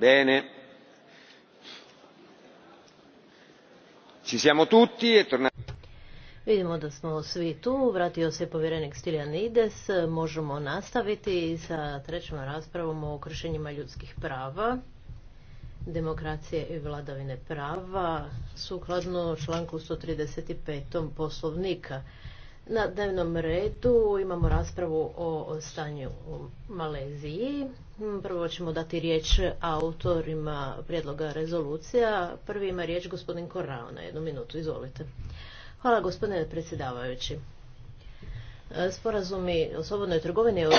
bene ci siamo tutti e torniamo Vidimo da smo svi tu, vratio se povjerenik ides možemo nastaviti sa trećom raspravom o kršenjima ljudskih prava, demokracije i vladavine prava, sukladno članku 135. poslovnika. Na dnevnom redu imamo raspravu o stanju u Maleziji. Prvo ćemo dati riječ autorima prijedloga rezolucija. Prvi ima riječ gospodin Korao na jednu minutu. Izvolite. Hvala gospodine predsjedavajući. Sporazumi o slobodnoj trgovini